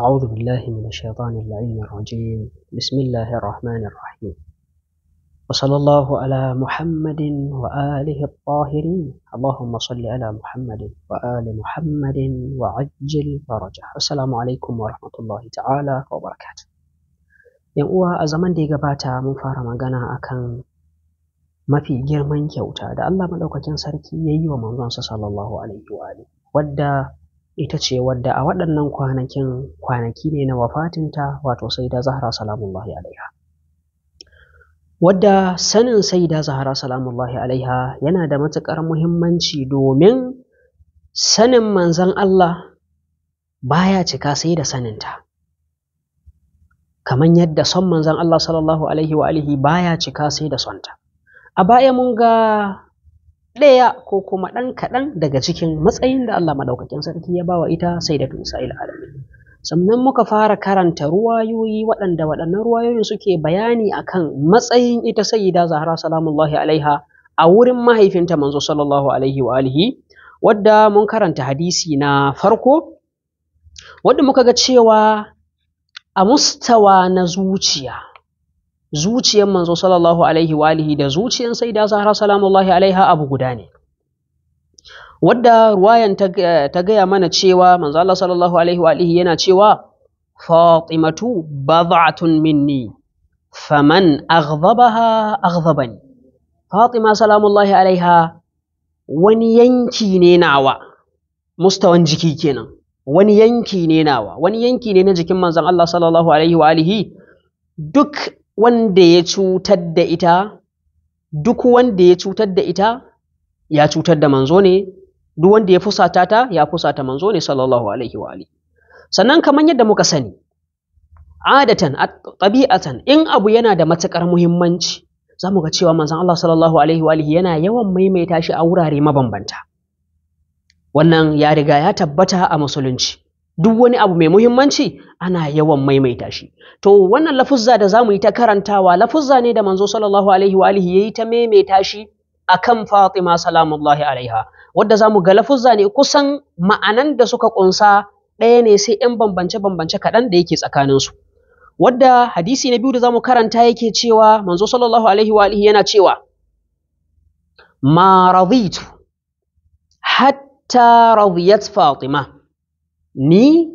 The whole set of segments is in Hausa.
أعوذ بالله من الشيطان اللعين الرجيم بسم الله الرحمن الرحيم وصلى الله على محمد وآله الطاهرين اللهم صل على محمد وآل محمد وعجل فرجه السلام عليكم ورحمة الله تعالى وبركاته yan uwa a zaman da ya gabata mun fara magana akan mafi girman الله da Allah madaukakin sarki ya yi wa manzonsa sallallahu alaihi wa wadda ita ce wadda a waɗannan kwanakin kwanaki ne na wafatinta wato saida zahra salamullahi alaiha wadda sanin saida zahra salamullahi alaiha yana da matuƙar muhimmanci domin sanin manzan Allah baya cika sai da saninta kamar yadda son manzan Allah sallallahu alaihi wa alihi baya cika sai da sonta a baya mun ga ɗaya ko kuma ɗan kaɗan daga cikin matsayin da Allah maɗaukakin sarki ya bawa ita sai da sa'il alamin. Sannan muka fara karanta ruwayoyi waɗanda waɗannan ruwayoyin suke bayani akan matsayin ita sayyida Zahra salamullahi alaiha a wurin mahaifinta manzo sallallahu alaihi wa alihi wadda mun karanta hadisi na farko wadda muka ga cewa a mustawa na zuciya zuciyar manzo sallallahu alaihi wa alihi da zuciyar sayyida zahra salamullahi alaiha abu guda ne wadda ruwayan ta gaya mana cewa manzo Allah sallallahu alaihi wa alihi yana cewa fatimatu bad'atun minni faman aghdabaha aghdabani fatima salamullahi alaiha wani yanki ne nawa mustawan jiki kenan wani yanki ne nawa wani yanki ne na jikin manzon Allah sallallahu alaihi wa alihi duk wanda ya cutar da ita duk wanda ya cutar da ita ya cutar da manzo ne duk wanda ya fusata ta ya fusata manzo ne sallallahu alaihi wa ali sannan kamar yadda muka sani adatan tabi'atan in abu yana da matukar muhimmanci zamu ga cewa manzon Allah sallallahu alaihi wa alihi yana yawan maimaita shi a wurare mabambanta wannan ya riga ya tabbata a musulunci duk wani abu mai muhimmanci ana yawan maimaita shi to wannan lafuzza da zamu yi ta karantawa lafuzza ne da manzo sallallahu alaihi wa alihi yayi ta maimaita shi akan Fatima salamullahi alaiha wadda zamu ga lafuzza ne kusan ma'anan da suka kunsa ɗaya ne sai ‘yan bambance-bambance kaɗan da yake tsakaninsu. Wadda hadisi na biyu da zamu karanta yake cewa manzo sallallahu alaihi wa alihi yana cewa ma raditu hatta radiyat Fatima ni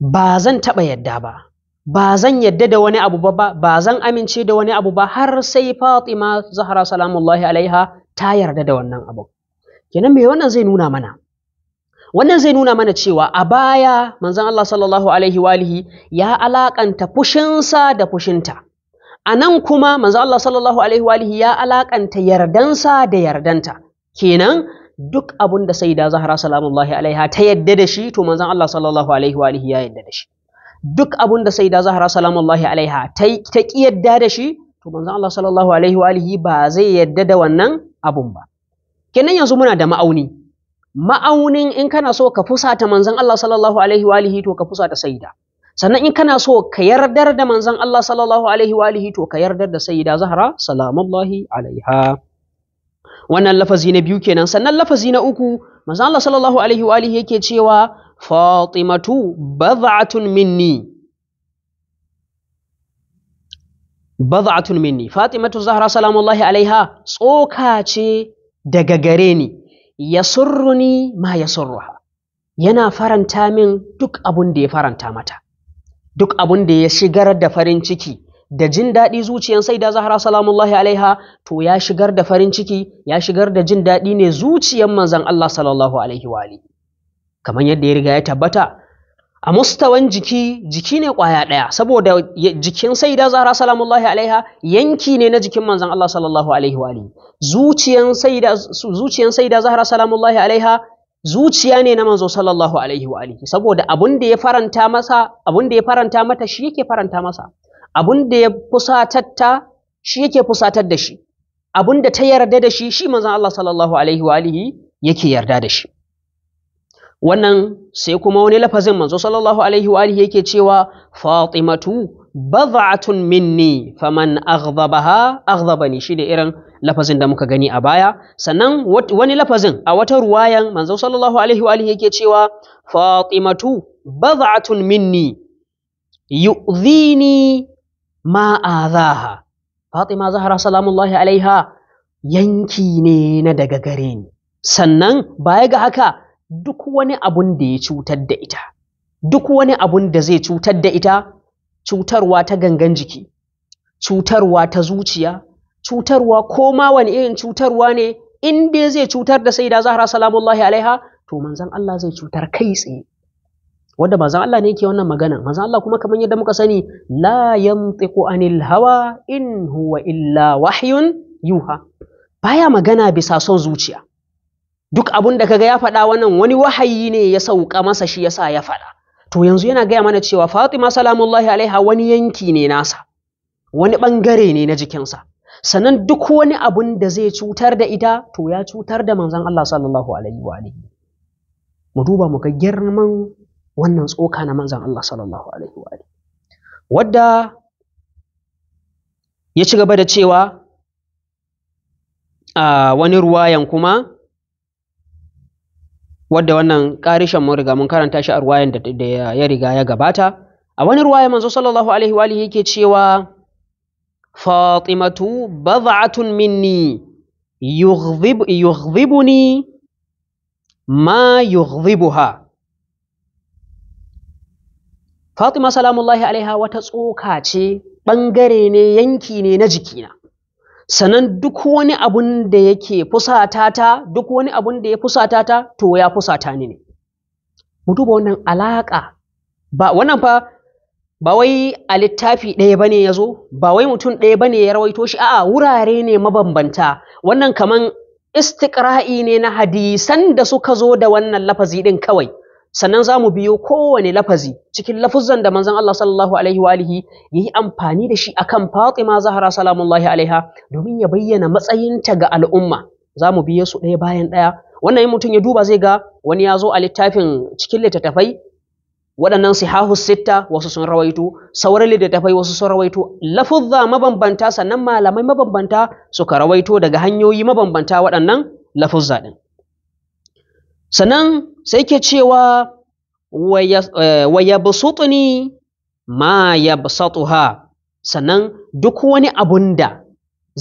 ba zan taɓa yadda ba ba zan yadda da wani abu ba ba zan amince da wani abu ba har sai Fatima Zahra salamullahi alaiha ta yarda da wannan abu kenan me wannan zai nuna mana wannan zai nuna mana cewa a baya manzon Allah sallallahu alaihi wa ya alakanta fushinsa da fushinta a nan kuma manzon Allah sallallahu alaihi wa ya alakanta yardansa da yardanta kenan duk abun da sayyida zahra salamullahi alaiha ta yadda da shi to manzon Allah sallallahu alaihi wa alihi ya yadda da shi duk abun da sayyida zahra salamullahi alaiha ta ki yadda da shi to manzon Allah sallallahu alaihi wa alihi ba zai yadda da wannan abun ba kenan yanzu muna da ma'auni ma'aunin in kana so ka fusata manzon Allah sallallahu alaihi wa alihi to ka fusata sayyida sannan in kana so ka yardar da manzon Allah sallallahu alaihi wa alihi to ka yardar da sayyida Zahra salamullahi alaiha wannan lafazi na biyu kenan sannan lafazi na uku manzo Allah sallallahu alaihi wa alihi yake cewa fatimatu bad'atun minni bad'atun minni fatimatu zahra salamullahi alaiha tsoka ce daga gare ni yasurruni ma yasurruha yana faranta min duk abun da ya faranta mata duk abun da ya shigar da farin ciki da jin daɗi zuciyan saida zahra salamullahi alaiha to ya shigar da farin ciki ya shigar da jin daɗi ne zuciyan manzan Allah sallallahu alaihi wa alihi kamar yadda ya riga ya tabbata a mustawan jiki jiki ne kwaya ɗaya saboda jikin saida zahra salamullahi alaiha yanki ne na jikin manzan Allah sallallahu alaihi wa alihi zuciyan saida zuciyan saida zahra salamullahi alaiha zuciya ne na manzo sallallahu alaihi wa alihi saboda abun da ya faranta masa abun da ya faranta mata shi yake faranta masa abun da ya fusatatta shi yake fusatar da shi abun da ta yarda da shi shi manzon Allah sallallahu alaihi wa alihi yake yarda da shi wannan sai kuma wani lafazin manzo sallallahu alaihi wa alihi yake cewa fatimatu bad'atun minni faman aghdabaha aghdabani shi da irin lafazin da muka gani a baya sannan wani lafazin a wata ruwayan manzo sallallahu alaihi wa alihi yake cewa fatimatu bad'atun minni yu'dhini Ma'azaha azaha Fatima Zahra salamullahi alaiha yanki ne na daga gare ni sannan baya ga haka duk wani abun da ya cutar da ita duk wani abun da zai cutar da ita cutarwa ta gangan jiki cutarwa ta zuciya cutarwa ko ma wani irin cutarwa ne in dai zai cutar da sai da zahra salamullahi alaiha to manzon Allah zai cutar kai tsaye wanda manzon Allah ne yake wannan magana manzon Allah kuma kamar yadda muka sani la yantiqu anil hawa in huwa illa wahyun yuha baya magana bisa son zuciya duk abun da kaga ya faɗa wannan wani wahayi ne ya sauka masa shi yasa ya faɗa to yanzu yana gaya mana cewa Fatima salamullahi alaiha wani yanki ne nasa wani bangare ne na jikinsa sannan duk wani abun da zai cutar da ita to ya cutar da manzon Allah sallallahu alaihi wa alihi mu duba mu ga girman wannan tsoka na manzan Allah sallallahu alaihi wa wadda ya ci gaba da cewa a wani ruwayan kuma wadda wannan ƙarishin mun riga mun karanta shi a ruwayan da ya riga ya gabata a wani ruwayan manzo sallallahu alaihi wa yake cewa fatimatu bad'atun minni ni, ma ha. Fatima salamullahi alaiha wata tsoka ce ɓangare ne yanki ne na jikina sannan duk wani abun da yake fusata ta duk wani abun da ya fusata ta to ya fusata ni ne mu duba wannan alaƙa ba wannan fa ba wai a littafi ɗaya bane ya zo ba wai mutum ɗaya bane ya rawaito shi a'a wurare ne mabambanta wannan kaman istiqra'i ne na hadisan da suka zo da wannan lafazi ɗin kawai sannan za mu biyo kowane lafazi cikin lafuzan da manzon Allah sallallahu alaihi wa alihi yayi amfani da shi akan Fatima Zahra salamullahi alaiha domin ya bayyana matsayinta ga al'umma za mu biyo su ɗaya bayan ɗaya wannan mutum ya duba zai ga wani ya zo a littafin cikin littattafai waɗannan sihahu sitta wasu sun rawaito sauran littattafai wasu sun rawaito lafuzza mabambanta sannan malamai mabambanta suka rawaito daga hanyoyi mabambanta waɗannan lafuzza ɗin sannan sai ke cewa waya basutu ni? ma ya ha! Eh, sannan duk wani abun da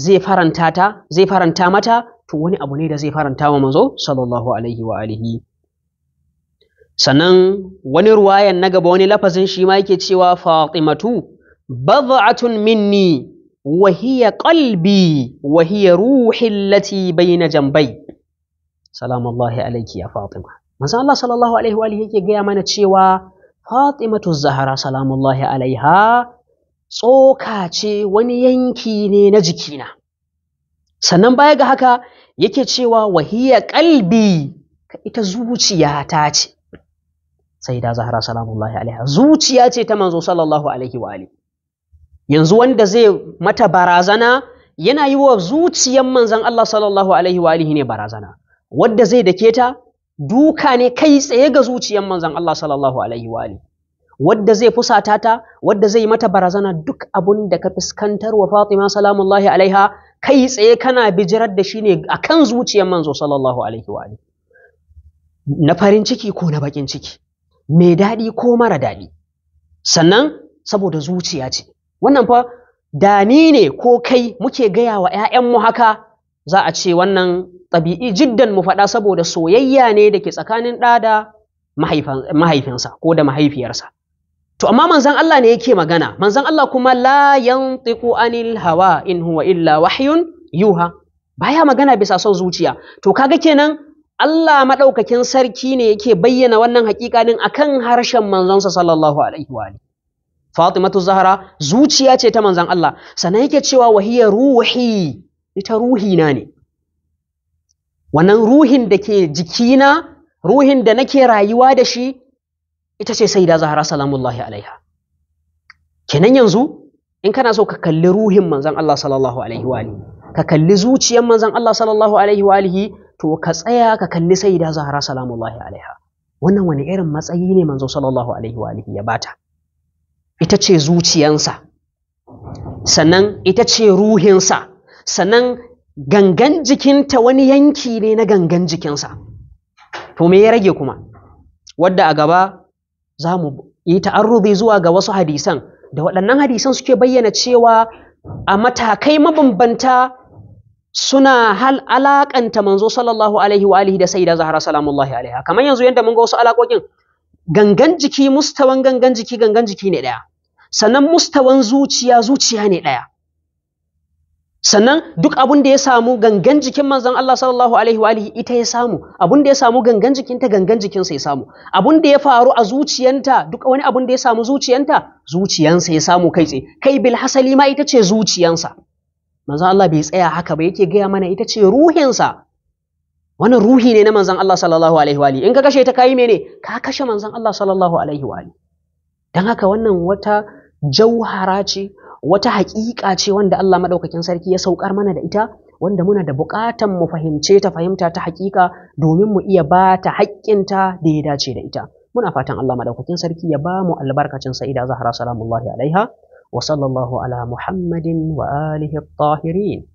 zai faranta ta zai faranta mata to wani abu ne da zai faranta wa manzo sallallahu alaihi wa alihi sannan wani ruwayan na gaba wani lafazin shi ma yake cewa fatimatu bad'atun minni wa hiya qalbi wa hiya ruhi allati bayna jambai salamullahi alaiki ya fatima manzon Allah sallallahu alaihi wa yake gaya mana cewa fatimatu zahara salamullahi alaiha tsoka ce wani yanki ne na jikina sannan baya ga haka yake cewa wahiya kalbi ita zuciyata ce sai da zahara salamullahi alaiha zuciya ce ta manzo sallallahu alaihi wa yanzu wanda zai mata barazana yana yi wa zuciyar manzon Allah sallallahu alaihi wa ne barazana wadda zai dake ta duka ne kai tsaye ga zuciyar manzon Allah sallallahu alaihi wa wadda zai fusata ta wadda zai mata barazana duk abun da ka fuskantar wa Fatima salamullahi alaiha kai tsaye kana bijirar da shi ne akan zuciyar manzo sallallahu alaihi wa na farin ciki ko na bakin ciki mai daɗi ko mara daɗi sannan saboda zuciya ce wannan fa da ni ne ko kai muke gaya wa ‘ya'yanmu haka za a ce wannan ɗabi'i jiddan mu faɗa saboda soyayya ne da ke tsakanin ɗa da mahaifinsa ko da mahaifiyarsa to amma manzon Allah ne yake magana Manzan Allah kuma la yantiqu anil hawa in huwa illa wahyun yuha baya magana bisa son zuciya to kaga kenan Allah maɗaukakin sarki ne yake bayyana wannan a akan harshen manzonsa sallallahu alaihi wa Fatimatu Zahra zuciya ce ta manzon Allah sannan yake cewa wahiyar ruhi ita ruhina ne wannan ruhin da ke jikina ruhin da nake rayuwa da shi ita ce sai da zahara salamullahi alaiha kenan yanzu in kana so ka kalli ruhin manzan Allah sallallahu alaihi wa ka kalli zuciyar manzan Allah sallallahu alaihi wa to ka tsaya ka kalli sai da zahara salamullahi alaiha wannan wani irin matsayi ne manzo sallallahu alaihi wa ya bata ita ce zuciyansa sannan ita ce ruhinsa sannan gangan jikinta wani yanki ne na gangan jikinsa to me ya rage kuma wadda a gaba za mu yi ta'arruzi zuwa ga wasu hadisan da waɗannan hadisan suke bayyana cewa a matakai mabambanta suna hal alaƙanta manzo sallallahu alaihi wa alihi da sayyida zahra salamullahi alaiha kamar yanzu yadda mun ga wasu alaƙoƙin gangan jiki mustawan gangan jiki gangan jiki ne ɗaya sannan mustawan zuciya zuciya ne ɗaya sannan duk abun da ya samu gangan jikin manzon Allah sallallahu alaihi wa alihi ita ya samu abun da ya samu gangan jikinta gangan jikinsa ya samu abun da ya faru a zuciyanta duk wani abun da ya samu zuciyanta zuciyansa ya samu kai tsaye kai bil hasali ma ita ce zuciyansa manzon Allah bai tsaya haka ba yake gaya mana ita ce ruhinsa wannan ruhi ne na manzon Allah sallallahu alaihi wa in ka kashe ta kai mene ka kashe manzon Allah sallallahu alaihi wa alihi dan haka wannan wata jauhara ce wata haƙiƙa ce wanda Allah maɗaukakin sarki ya saukar mana da ita wanda muna da buƙatan mu fahimce ta fahimta ta haƙiƙa domin mu iya ba ta haƙƙinta da ya dace da ita muna fatan Allah maɗaukakin sarki ya ba mu albarkacin sa'ida zahra salamullahi alaiha wa sallallahu ala muhammadin wa alihi tahirin